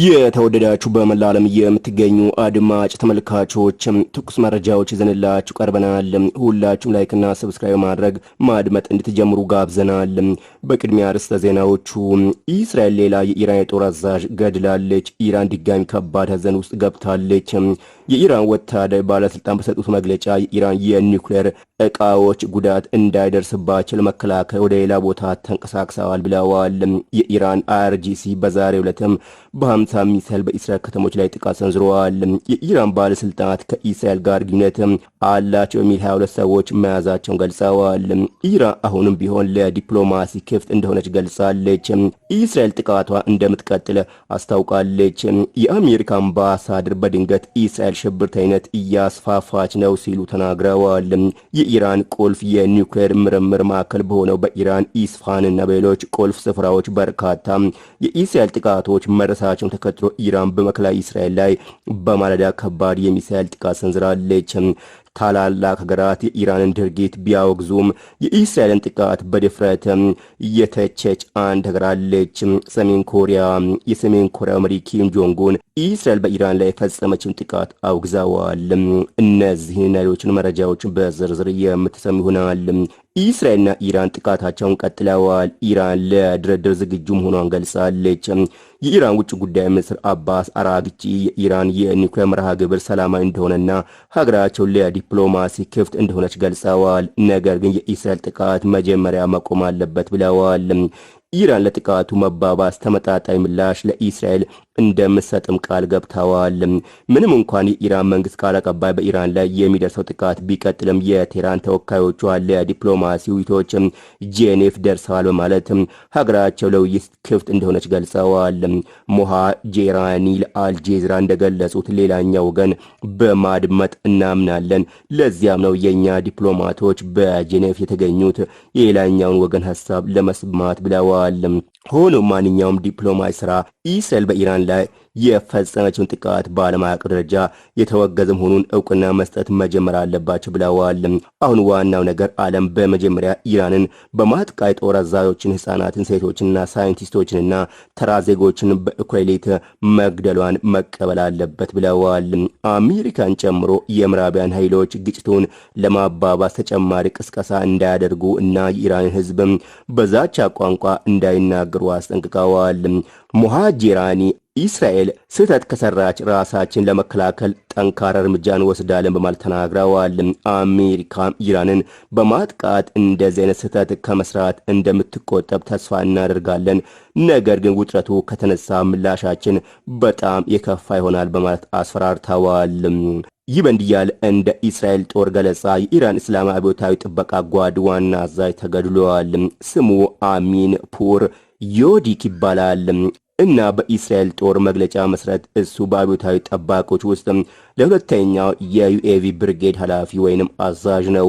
የተወደዳችሁ በመላ ዓለም የምትገኙ አድማጭ ተመልካቾች ትኩስ መረጃዎች ይዘንላችሁ ቀርበናል። ሁላችሁም ላይክና ሰብስክራይብ ማድረግ ማድመጥ እንድትጀምሩ ጋብዘናል። በቅድሚያ ርዕሰ ዜናዎቹ፣ እስራኤል ሌላ የኢራን የጦር አዛዥ ገድላለች። ኢራን ድጋሚ ከባድ ሐዘን ውስጥ ገብታለች። የኢራን ወታደር ባለስልጣን በሰጡት መግለጫ የኢራን የኒውክሌር እቃዎች ጉዳት እንዳይደርስባቸው ለመከላከል ወደ ሌላ ቦታ ተንቀሳቅሰዋል ብለዋል። የኢራን አርጂሲ በዛሬው ዕለትም በሀምሳ ሚሳይል በእስራኤል ከተሞች ላይ ጥቃት ሰንዝረዋል። የኢራን ባለስልጣናት ከእስራኤል ጋር ግንኙነት አላቸው የሚል 22 ሰዎች መያዛቸውን ገልጸዋል። ኢራን አሁንም ቢሆን ለዲፕሎማሲ ክፍት እንደሆነች ገልጻለች። እስራኤል ጥቃቷ እንደምትቀጥል አስታውቃለች። የአሜሪካ አምባሳደር በድንገት እስራኤል ሽብርተኝነት እያስፋፋች ነው ሲሉ ተናግረዋል። የኢራን ቁልፍ የኒውክሌር ምርምር ማዕከል በሆነው በኢራን ኢስፋን እና በሌሎች ቁልፍ ስፍራዎች በርካታ የኢስራኤል ጥቃቶች መድረሳቸውን ተከትሎ ኢራን በመከላከያ እስራኤል ላይ በማለዳ ከባድ የሚሳኤል ጥቃት ሰንዝራለች። ታላላቅ ሀገራት የኢራንን ድርጊት ቢያወግዙም የእስራኤልን ጥቃት በድፍረት የተቸች አንድ ሀገር አለች፣ ሰሜን ኮሪያ። የሰሜን ኮሪያ መሪ ኪም ጆንጉን እስራኤል በኢራን ላይ የፈጸመችውን ጥቃት አውግዛዋል። እነዚህን ሌሎችን መረጃዎች በዝርዝር የምትሰሙ ይሆናል። ኢስራኤልና ኢራን ጥቃታቸውን ቀጥለዋል። ኢራን ለድርድር ዝግጁ መሆኗን ገልጻለች። የኢራን ውጭ ጉዳይ ሚኒስትር አባስ አራግቺ የኢራን የኒኩሌር መርሃ ግብር ሰላማዊ እንደሆነና ሀገራቸው ለዲፕሎማሲ ክፍት እንደሆነች ገልጸዋል። ነገር ግን የኢስራኤል ጥቃት መጀመሪያ መቆም አለበት ብለዋል። ኢራን ለጥቃቱ መባባስ ተመጣጣኝ ምላሽ ለእስራኤል እንደምትሰጥም ቃል ገብተዋል። ምንም እንኳን የኢራን መንግስት ቃል አቀባይ በኢራን ላይ የሚደርሰው ጥቃት ቢቀጥልም የቴህራን ተወካዮቿ ለዲፕሎማሲው ዊቶች ጄኔቭ ደርሰዋል በማለት ሀገራቸው ለውይይት ክፍት እንደሆነች ገልጸዋል። ሞሃ ጄራኒ ለአልጄዚራ እንደገለጹት ሌላኛው ወገን በማድመጥ እናምናለን፣ ለዚያም ነው የእኛ ዲፕሎማቶች በጄኔቭ የተገኙት የሌላኛውን ወገን ሀሳብ ለመስማት ብለዋል። ሆኖም ማንኛውም ዲፕሎማሲ ስራ ኢስራኤል በኢራን and የፈጸመችውን ጥቃት በዓለም አቀፍ ደረጃ የተወገዘ መሆኑን እውቅና መስጠት መጀመር አለባቸው ብለዋል። አሁን ዋናው ነገር ዓለም በመጀመሪያ ኢራንን በማጥቃይ ጦር አዛዦችን፣ ህጻናትን፣ ሴቶችንና ሳይንቲስቶችንና ተራ ዜጎችን በኩዌት መግደሏን መቀበል አለበት ብለዋል። አሜሪካን ጨምሮ የምዕራቢያን ኃይሎች ግጭቱን ለማባባስ ተጨማሪ ቅስቀሳ እንዳያደርጉ እና የኢራንን ህዝብ በዛቻ ቋንቋ እንዳይናገሩ አስጠንቅቀዋል። ሞሃጄራኒ እስራኤል እስራኤል ስህተት ከሰራች ራሳችን ለመከላከል ጠንካራ እርምጃ እንወስዳለን በማለት ተናግረዋል። አሜሪካ ኢራንን በማጥቃት እንደዚህ አይነት ስህተት ከመስራት እንደምትቆጠብ ተስፋ እናደርጋለን። ነገር ግን ውጥረቱ ከተነሳ ምላሻችን በጣም የከፋ ይሆናል በማለት አስፈራርተዋል። ይህ በእንዲህ እንደ እስራኤል ጦር ገለጻ የኢራን እስላማዊ አብዮታዊ ጥበቃ ጓድ ዋና አዛዥ ተገድሏል። ስሙ አሚን ፑር ዮዲክ ይባላል። እና በኢስራኤል ጦር መግለጫ መሰረት እሱ በአብዮታዊ ጠባቆች ውስጥ ለሁለተኛው የዩኤቪ ብርጌድ ኃላፊ ወይንም አዛዥ ነው።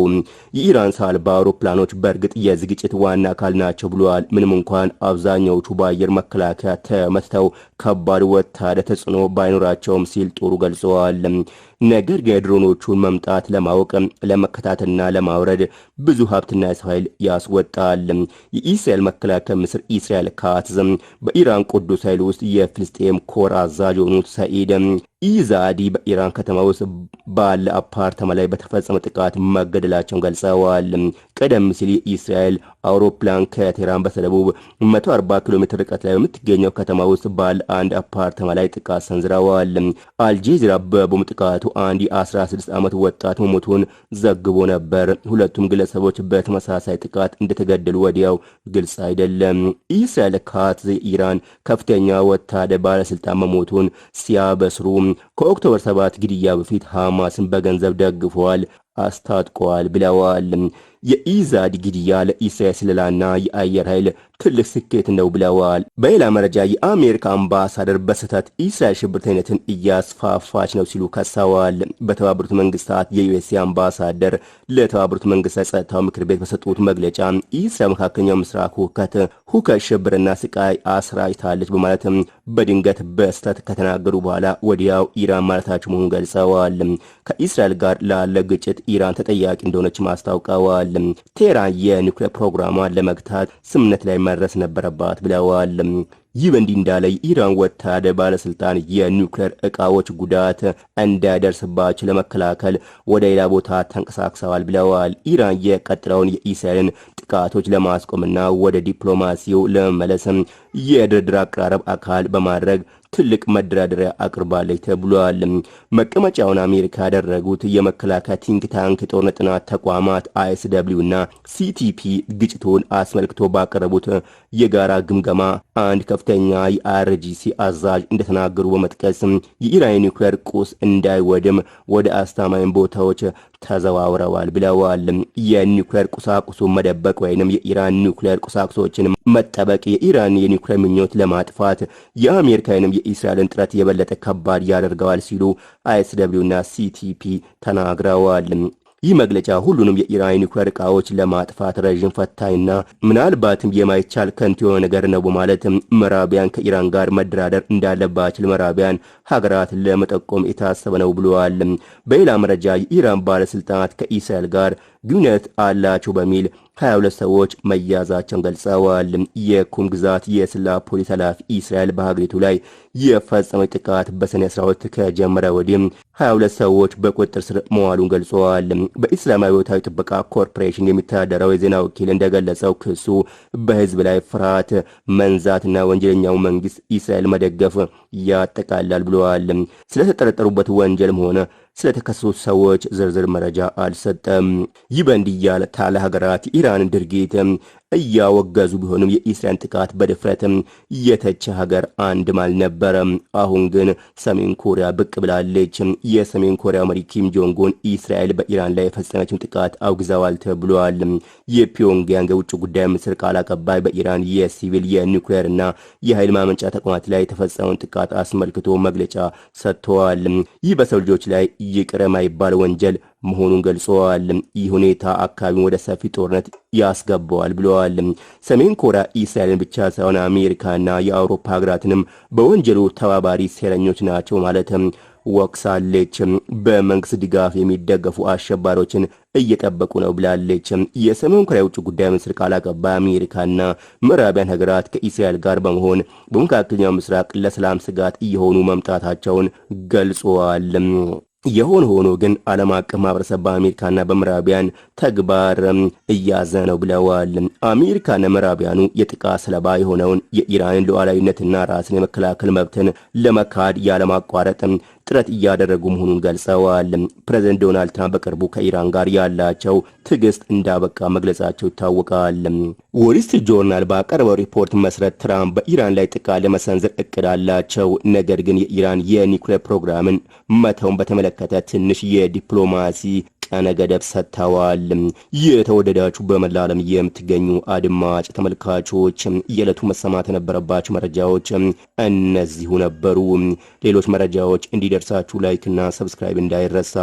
የኢራን ሳል አውሮፕላኖች በእርግጥ የዝግጭት ዋና አካል ናቸው ብለዋል። ምንም እንኳን አብዛኛዎቹ በአየር መከላከያ ተመትተው ከባድ ወታደራዊ ተጽዕኖ ባይኖራቸውም ሲል ጦሩ ገልጸዋል። ነገር ግን የድሮኖቹን መምጣት ለማወቅ ለመከታተልና ለማውረድ ብዙ ሀብትና የሰው ኃይል ያስወጣል። የኢስራኤል መከላከያ ምስር ኢስራኤል ካትዝ በኢራን ቅዱስ ኃይል ውስጥ የፍልስጤም ኮር አዛዥ የሆኑት ሰኢድ ኢዛዲ በኢራን ከተማ ውስጥ ባለ አፓርታማ ላይ በተፈጸመ ጥቃት መገደላቸውን ገልጸዋል። ቀደም ሲል እስራኤል አውሮፕላን ከቴህራን በስተደቡብ 140 ኪሎ ሜትር ርቀት ላይ በምትገኘው ከተማ ውስጥ ባለ አንድ አፓርተማ ላይ ጥቃት ሰንዝረዋል። አልጄዚራ በቦምብ ጥቃቱ አንድ የ16 ዓመት ወጣት መሞቱን ዘግቦ ነበር። ሁለቱም ግለሰቦች በተመሳሳይ ጥቃት እንደተገደሉ ወዲያው ግልጽ አይደለም። ኢስራኤል ካትዝ ኢራን ከፍተኛ ወታደር ባለስልጣን መሞቱን ሲያበስሩ ከኦክቶበር 7 ግድያ በፊት ሐማስን በገንዘብ ደግፏል፣ አስታጥቋል ብለዋል። የኢዛድ ግድያ ለኢሳያስ ለላና የአየር ኃይል ትልቅ ስኬት ነው ብለዋል። በሌላ መረጃ የአሜሪካ አምባሳደር በስህተት ኢስራኤል ሽብርተኝነትን እያስፋፋች ነው ሲሉ ከሰዋል። በተባበሩት መንግስታት የዩኤስ አምባሳደር ለተባበሩት መንግስታት ጸጥታው ምክር ቤት በሰጡት መግለጫ ኢስራኤል መካከለኛው ምስራቅ ሁከት ሁከት፣ ሽብርና ስቃይ አስራጭታለች በማለትም በድንገት በስህተት ከተናገሩ በኋላ ወዲያው ኢራን ማለታቸው መሆኑን ገልጸዋል። ከኢስራኤል ጋር ላለ ግጭት ኢራን ተጠያቂ እንደሆነች አስታውቀዋል። ብለዋል። ቴህራን የኒውክሌር ፕሮግራሟን ለመግታት ስምምነት ላይ መድረስ ነበረባት ብለዋል። ይህ በእንዲህ እንዳለ የኢራን ወታደር ባለስልጣን የኒውክሌር እቃዎች ጉዳት እንዳይደርስባቸው ለመከላከል ወደ ሌላ ቦታ ተንቀሳቅሰዋል ብለዋል። ኢራን የቀጥለውን የኢስራኤልን ጥቃቶች ለማስቆምና ወደ ዲፕሎማሲው ለመመለስ የድርድር አቀራረብ አካል በማድረግ ትልቅ መደራደሪያ አቅርባለች ተብሏል። መቀመጫውን አሜሪካ ያደረጉት የመከላከያ ቲንክ ታንክ ጦርነት ጥናት ተቋማት አይኤስደብሊው እና ሲቲፒ ግጭቱን አስመልክቶ ባቀረቡት የጋራ ግምገማ አንድ ከፍተኛ የአርጂሲ አዛዥ እንደተናገሩ በመጥቀስ የኢራን ኒውክሌር ቁስ እንዳይወድም ወደ አስተማማኝ ቦታዎች ተዘዋውረዋል ብለዋል። የኒውክሌር ቁሳቁሱ መደበቅ ወይንም የኢራን ኒውክሌር ቁሳቁሶችን መጠበቅ የኢራን የኒውክሌር ምኞት ለማጥፋት የአሜሪካንም የእስራኤልን ጥረት የበለጠ ከባድ ያደርገዋል ሲሉ ና ሲቲፒ ተናግረዋል። ይህ መግለጫ ሁሉንም የኢራን ኒኩሌር ዕቃዎች ለማጥፋት ረዥም ፈታኝና ምናልባትም የማይቻል ከንቱ የሆነ ነገር ነው በማለት ምዕራባውያን ከኢራን ጋር መደራደር እንዳለባቸው ምዕራባውያን ሀገራት ለመጠቆም የታሰበ ነው ብለዋል። በሌላ መረጃ የኢራን ባለስልጣናት ከኢስራኤል ጋር ግንኙነት አላቸው በሚል 22 ሰዎች መያዛቸውን ገልጸዋል። የኩም ግዛት የስላ ፖሊስ ኃላፊ እስራኤል በሀገሪቱ ላይ የፈጸመው ጥቃት በሰኔ 12 ከጀመረ ወዲህም 22 ሰዎች በቁጥጥር ስር መዋሉን ገልጸዋል። በእስላማዊ ወታዊ ጥበቃ ኮርፖሬሽን የሚተዳደረው የዜና ወኪል እንደገለጸው ክሱ በህዝብ ላይ ፍርሃት መንዛትና ወንጀለኛው መንግስት እስራኤል መደገፍ ያጠቃላል ብለዋል። ስለተጠረጠሩበት ወንጀልም ሆነ ስለተከሰሱት ሰዎች ዝርዝር መረጃ አልሰጠም። ይህ በእንዲህ ታለ ሀገራት ኢራን ድርጊት እያወገዙ ቢሆንም የኢስራኤል ጥቃት በድፍረትም የተቸ ሀገር አንድም አልነበረም። አሁን ግን ሰሜን ኮሪያ ብቅ ብላለች። የሰሜን ኮሪያ መሪ ኪም ጆንጎን ኢስራኤል በኢራን ላይ የፈጸመችውን ጥቃት አውግዘዋል ተብሏል። የፒዮንግያንግ የውጭ ጉዳይ ምስር ቃል አቀባይ በኢራን የሲቪል እና የኃይል ማመንጫ ተቋማት ላይ የተፈጸመውን ጥቃት አስመልክቶ መግለጫ ሰጥተዋል። ይህ በሰው ልጆች ላይ ይቅር የማይባል ወንጀል መሆኑን ገልጸዋል። ይህ ሁኔታ አካባቢውን ወደ ሰፊ ጦርነት ያስገባዋል ብለዋል። ሰሜን ኮሪያ እስራኤልን ብቻ ሳይሆን አሜሪካና የአውሮፓ ሀገራትንም በወንጀሉ ተባባሪ ሴረኞች ናቸው ማለት ወቅሳለች። በመንግስት ድጋፍ የሚደገፉ አሸባሪዎችን እየጠበቁ ነው ብላለች። የሰሜን ኮሪያ የውጭ ጉዳይ ሚኒስትር ቃል አቀባይ አሜሪካና ምዕራቢያን ሀገራት ከእስራኤል ጋር በመሆን በመካከለኛው ምስራቅ ለሰላም ስጋት እየሆኑ መምጣታቸውን ገልጸዋል። የሆነ ሆኖ ግን ዓለም አቀፍ ማህበረሰብ በአሜሪካና በምዕራቢያን ተግባር እያዘ ነው ብለዋል። አሜሪካና ምዕራቢያኑ የጥቃት ሰለባ የሆነውን የኢራንን ሉዓላዊነትና ራስን የመከላከል መብትን ለመካድ ያለማቋረጥ ጥረት እያደረጉ መሆኑን ገልጸዋል። ፕሬዚደንት ዶናልድ ትራምፕ በቅርቡ ከኢራን ጋር ያላቸው ትዕግስት እንዳበቃ መግለጻቸው ይታወቃል። ወሪስት ጆርናል ባቀረበው ሪፖርት መሰረት ትራምፕ በኢራን ላይ ጥቃት ለመሰንዘር እቅድ አላቸው፣ ነገር ግን የኢራን የኒውክሌር ፕሮግራምን መተውን በተመለከተ ትንሽ የዲፕሎማሲ ቀነ ገደብ ሰጥተዋል። የተወደዳችሁ በመላ ዓለም የምትገኙ አድማጭ ተመልካቾች የዕለቱ መሰማት የነበረባቸው መረጃዎች እነዚሁ ነበሩ። ሌሎች መረጃዎች እንዲደርሳችሁ ላይክና ሰብስክራይብ እንዳይረሳ።